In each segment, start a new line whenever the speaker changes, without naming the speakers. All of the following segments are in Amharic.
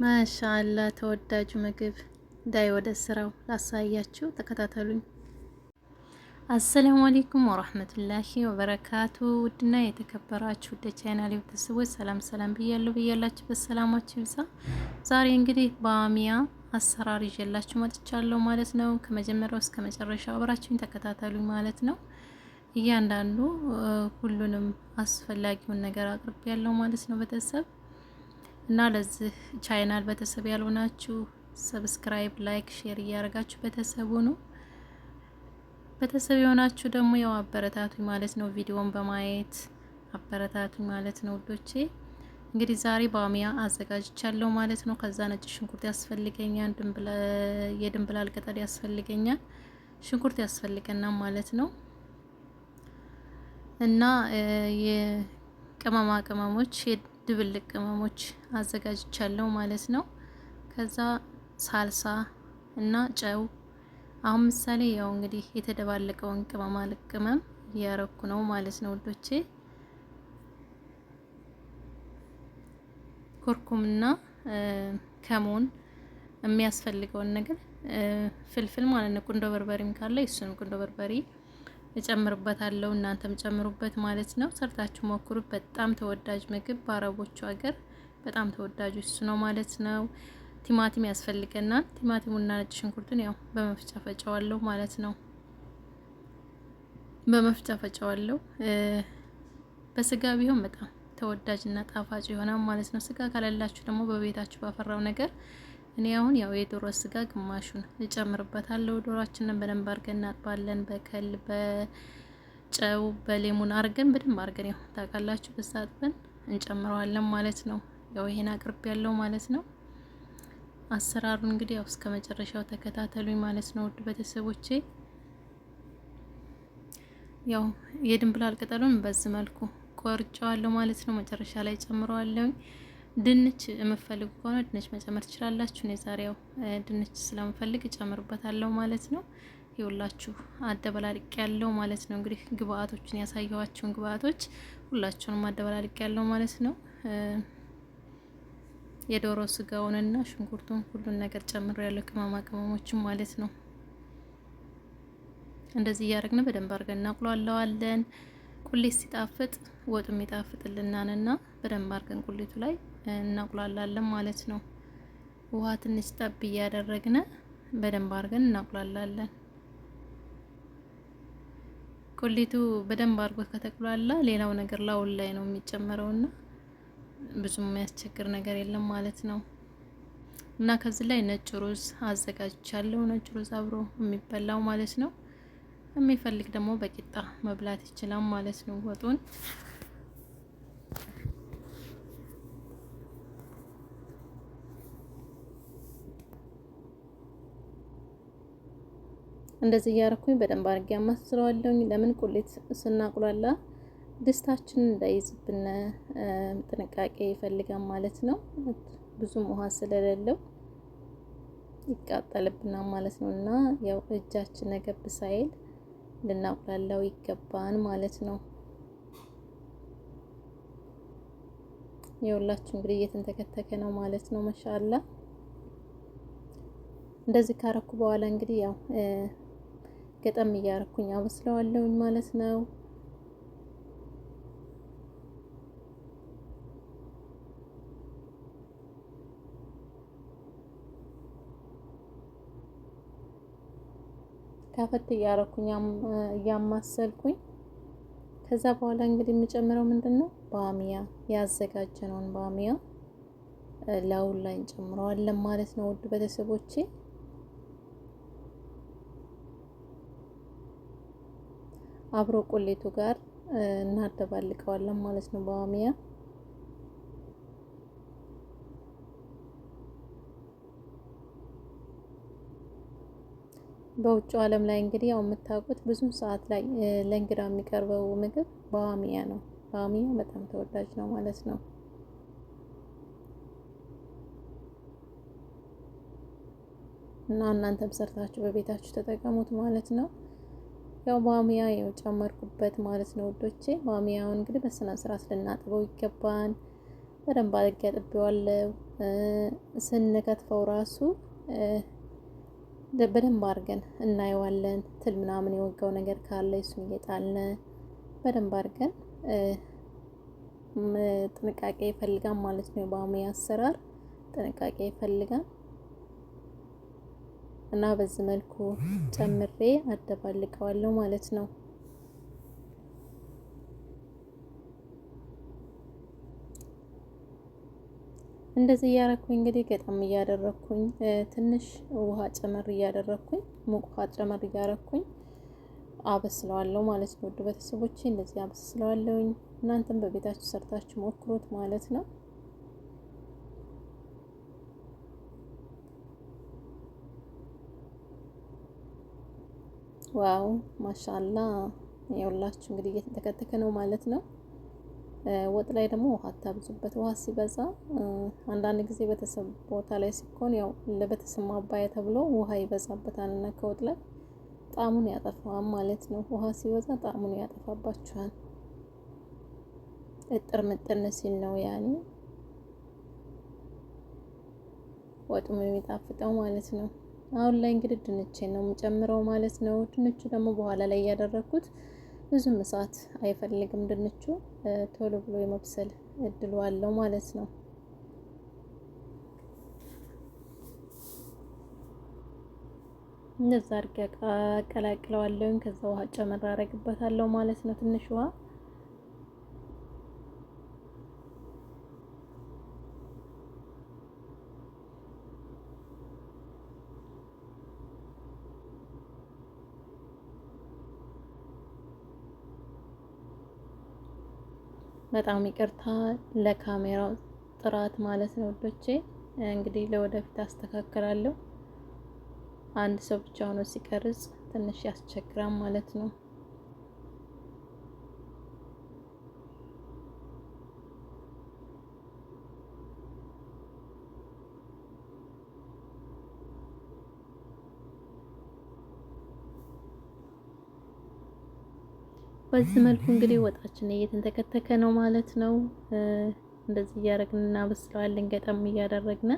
ማሻአላ ተወዳጁ ምግብ ዳይ ወደ ስራው ላሳያችሁ፣ ተከታተሉኝ። አሰላሙ አሌይኩም ወራህመቱላሂ ወበረካቱ። ውድና የተከበራችሁ ወደ ቻናሌ ቤተሰቦች ሰላም ሰላም ብያለሁ። ብያላችሁ በሰላማችሁ ይብዛ። ዛሬ እንግዲህ ባሚያ አሰራር ይዤላችሁ መጥቻለሁ ማለት ነው። ከመጀመሪያው እስከ መጨረሻው አብራችሁኝ ተከታተሉኝ ማለት ነው። እያንዳንዱ ሁሉንም አስፈላጊውን ነገር አቅርቤያለሁ ማለት ነው ቤተሰብ እና ለዚህ ቻይናል ቤተሰብ ያልሆናችሁ ሰብስክራይብ፣ ላይክ፣ ሼር እያደረጋችሁ ቤተሰቡ። ነው። ቤተሰብ የሆናችሁ ደግሞ ያው አበረታቱኝ ማለት ነው። ቪዲዮን በማየት አበረታቱኝ ማለት ነው ውዶቼ። እንግዲህ ዛሬ ባሚያ አዘጋጅቻለሁ ማለት ነው። ከዛ ነጭ ሽንኩርት ያስፈልገኛል፣ የድንብላል ቅጠል ያስፈልገኛል፣ ሽንኩርት ያስፈልገናል ማለት ነው እና የቅመማ ቅመሞች ድብልቅ ቅመሞች አዘጋጅቻለሁ ማለት ነው። ከዛ ሳልሳ እና ጨው አሁን ምሳሌ ያው እንግዲህ የተደባለቀውን ቅመማ ቅመም እያረኩ ነው ማለት ነው ውዶቼ። ኩርኩምና ከሞን የሚያስፈልገውን ነገር ፍልፍል ማለት ነው። ቁንዶ በርበሬም ካለ እሱን ቁንዶ በርበሬ እጨምርበታለሁ እናንተም ጨምሩበት ማለት ነው። ሰርታችሁ ሞክሩት። በጣም ተወዳጅ ምግብ በአረቦቹ ሀገር በጣም ተወዳጅ እሱ ነው ማለት ነው። ቲማቲም ያስፈልገናል። ቲማቲሙና ነጭ ሽንኩርቱን ያው በመፍጫ ፈጫዋለሁ ማለት ነው። በመፍጫ ፈጫዋለሁ። በስጋ ቢሆን በጣም ተወዳጅና ጣፋጭ ይሆናል ማለት ነው። ስጋ ካላላችሁ ደግሞ በቤታችሁ ባፈራው ነገር እኔ አሁን ያው የዶሮ ስጋ ግማሹን እጨምርበታለሁ። ዶሮአችንን በደንብ አድርገን እናጥባለን። በከል በጨው በሌሙን አድርገን በደንብ አድርገን ያው ታውቃላችሁ፣ በዛ አጥበን እንጨምረዋለን ማለት ነው። ያው ይሄን አቅርብ ያለው ማለት ነው። አሰራሩን እንግዲህ ያው እስከ መጨረሻው ተከታተሉኝ ማለት ነው ውድ ቤተሰቦቼ። ያው የድንብላል ቅጠሉን በዚህ መልኩ ቆርጨዋለሁ ማለት ነው። መጨረሻ ላይ ጨምረዋለሁኝ። ድንች የምፈልጉ ከሆነ ድንች መጨመር ትችላላችሁ። እኔ ዛሬው ድንች ስለምፈልግ እጨምርበታለሁ ማለት ነው። ይኸውላችሁ አደበላልቅ ያለው ማለት ነው። እንግዲህ ግብአቶችን ያሳየኋቸውን ግብአቶች ሁላችሁንም አደበላልቅ ያለው ማለት ነው። የዶሮ ስጋውንና ሽንኩርቱን ሁሉን ነገር ጨምሮ ያለው ቅመማ ቅመሞችን ማለት ነው። እንደዚህ እያደረግን በደንብ አድርገን እናቁላለዋለን። ቁሌት ሲጣፍጥ ወጡም ይጣፍጥልናልና በደንብ አድርገን ቁሌቱ ላይ እናቁላላለን ማለት ነው። ውሃ ትንሽ ጠብ እያደረግን በደንብ አድርገን እናቁላላለን። ቁሊቱ በደንብ አድርጎ ከተቁላላ ሌላው ነገር ላውን ላይ ነው የሚጨመረውና ብዙም የሚያስቸግር ነገር የለም ማለት ነው። እና ከዚህ ላይ ነጭ ሩዝ አዘጋጅቻለሁ። ነጭ ሩዝ አብሮ የሚበላው ማለት ነው። የሚፈልግ ደግሞ በቂጣ መብላት ይችላል ማለት ነው ወጡን እንደዚህ እያረኩኝ በደንብ አድርጌ አማስለዋለሁኝ። ለምን ቁሌት ስናቁላላ ድስታችን እንዳይዝብን ጥንቃቄ ይፈልጋል ማለት ነው። ብዙም ውሃ ስለሌለው ይቃጠልብናል ማለት ነው። እና ያው እጃችን ገብ ሳይል ልናቁላላው ይገባን ማለት ነው። የሁላችሁ እንግዲህ እየተንተከተከ ነው ማለት ነው። ማሻአላ እንደዚህ ካረኩ በኋላ እንግዲህ ያው ገጠም እያረኩኝ አበስለዋለሁኝ ማለት ነው። ከፈት እያረኩኝ እያማሰልኩኝ ከዛ በኋላ እንግዲህ የምጨምረው ምንድን ነው ባሚያ ያዘጋጀነውን ባሚያ ላዩ ላይ እንጨምረዋለን ማለት ነው ውድ ቤተሰቦቼ። አብሮ ቁሌቱ ጋር እናደባልቀዋለን ማለት ነው በዋሚያ በውጭ ዓለም ላይ እንግዲህ ያው የምታውቁት ብዙ ሰዓት ላይ ለእንግዳ የሚቀርበው ምግብ በዋሚያ ነው። በዋሚያ በጣም ተወዳጅ ነው ማለት ነው። እና እናንተም ሰርታችሁ በቤታችሁ ተጠቀሙት ማለት ነው። ያው ማሚያ ያው ጨመርኩበት ማለት ነው ውዶቼ። ማሚያውን እንግዲህ በስነ ስርዓት ልናጥበው ይገባል። በደንብ አድርጌ አጥቤዋለሁ። ስንከትፈው ራሱ በደንብ አድርገን እናየዋለን። ትል ምናምን የወጋው ነገር ካለ እሱን እየጣልን በደንብ አድርገን ጥንቃቄ ይፈልጋል ማለት ነው። የባሚያ አሰራር ጥንቃቄ ይፈልጋል። እና በዚህ መልኩ ጨምሬ አደባልቀዋለሁ ማለት ነው። እንደዚህ እያረኩኝ እንግዲህ ገጠም እያደረኩኝ ትንሽ ውሃ ጨመር እያደረኩኝ ሙቅ ውሃ ጨመር እያደረኩኝ አበስለዋለሁ ማለት ነው። ውድ ቤተሰቦቼ እንደዚህ አበስለዋለሁኝ። እናንተም በቤታችሁ ሰርታችሁ ሞክሩት ማለት ነው። ዋው ማሻላ የውላችሁ እንግዲህ እየተንተከተከ ነው ማለት ነው። ወጥ ላይ ደግሞ ውሃ አታብዙበት። ውሃ ሲበዛ አንዳንድ ጊዜ ቤተሰብ ቦታ ላይ ሲኮን ያው ለቤተሰብ ማባያ ተብሎ ውሃ እና ከወጥ ላይ ጣዕሙን ያጠፋዋል ማለት ነው። ውሃ ሲበዛ ጣዕሙን ያጠፋባችኋል። እጥር ምጥን ሲል ነው ያኔ ወጡም የሚጣፍጠው ማለት ነው። አሁን ላይ እንግዲህ ድንች ነው የምጨምረው ማለት ነው። ድንቹ ደግሞ በኋላ ላይ ያደረኩት ብዙም ሰዓት አይፈልግም። ድንቹ ቶሎ ብሎ የመብሰል እድሉ አለው ማለት ነው። እንደዛ አድርጌ አቀላቅለዋለሁ። ከዛ ውሃ ጨመር አደርግበታለሁ ማለት ነው ትንሽ ውሃ በጣም ይቅርታ ለካሜራው ጥራት ማለት ነው ወዶቼ። እንግዲህ ለወደፊት አስተካክላለሁ። አንድ ሰው ብቻ ሆኖ ሲቀርጽ ትንሽ ያስቸግራል ማለት ነው። በዚህ መልኩ እንግዲህ ወጣችን እየተንተከተከ ነው ማለት ነው። እንደዚህ እያደረግን እናበስለዋለን ገጠም እያደረግን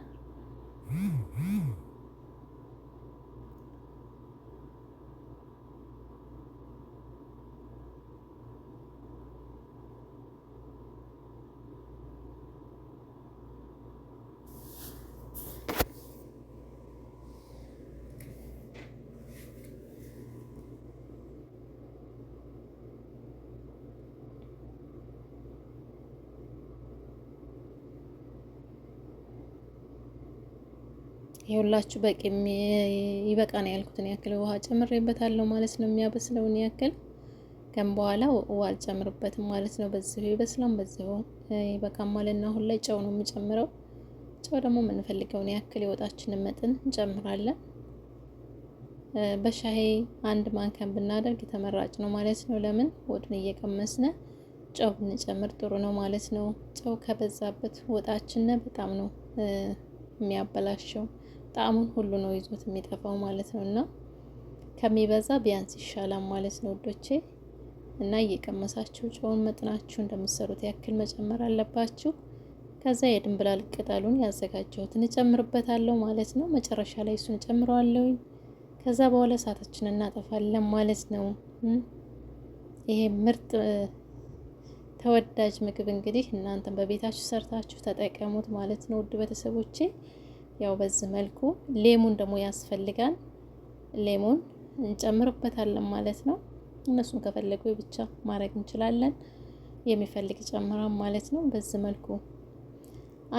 የሁላችሁ በቂ ይበቃ ነው ያልኩትን ያክል ውሃ ጨምሬበታለሁ ማለት ነው። የሚያበስለውን ያክል ከም በኋላ ውሃ አልጨምርበትም ማለት ነው። በዚሁ ይበስላም በዚሁ ይበቃ ማለት ነው። አሁን ላይ ጨው ነው የምጨምረው። ጨው ደግሞ የምንፈልገውን ያክል የወጣችንን መጠን እንጨምራለን። በሻይ አንድ ማንከን ብናደርግ ተመራጭ ነው ማለት ነው። ለምን ወጡን እየቀመስነ ጨው ብንጨምር ጥሩ ነው ማለት ነው። ጨው ከበዛበት ወጣችን በጣም ነው የሚያበላሸው። ጣዕሙን ሁሉ ነው ይዞት የሚጠፋው ማለት ነው። እና ከሚበዛ ቢያንስ ይሻላል ማለት ነው ውዶቼ። እና እየቀመሳችሁ ጨውን መጥናችሁ እንደምትሰሩት ያክል መጨመር አለባችሁ። ከዛ የድንብላል ቅጠሉን ያዘጋጀሁትን እጨምርበታለሁ ማለት ነው። መጨረሻ ላይ እሱን ጨምረዋለሁ። ከዛ በኋላ እሳታችን እናጠፋለን ማለት ነው። ይሄ ምርጥ ተወዳጅ ምግብ እንግዲህ እናንተን በቤታችሁ ሰርታችሁ ተጠቀሙት ማለት ነው ውድ ቤተሰቦቼ። ያው በዚህ መልኩ ሌሙን ደግሞ ያስፈልጋል። ሌሙን እንጨምርበታለን ማለት ነው። እነሱን ከፈለጉ ብቻ ማድረግ እንችላለን። የሚፈልግ ይጨምራል ማለት ነው። በዚህ መልኩ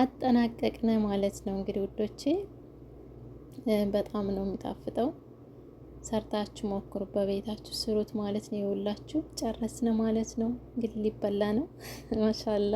አጠናቀቅነ ማለት ነው። እንግዲህ ውዶቼ በጣም ነው የሚጣፍጠው። ሰርታችሁ ሞክሩ፣ በቤታችሁ ስሩት ማለት ነው። የውላችሁ ጨረስነ ማለት ነው። እንግዲህ ሊበላ ነው። ማሻላ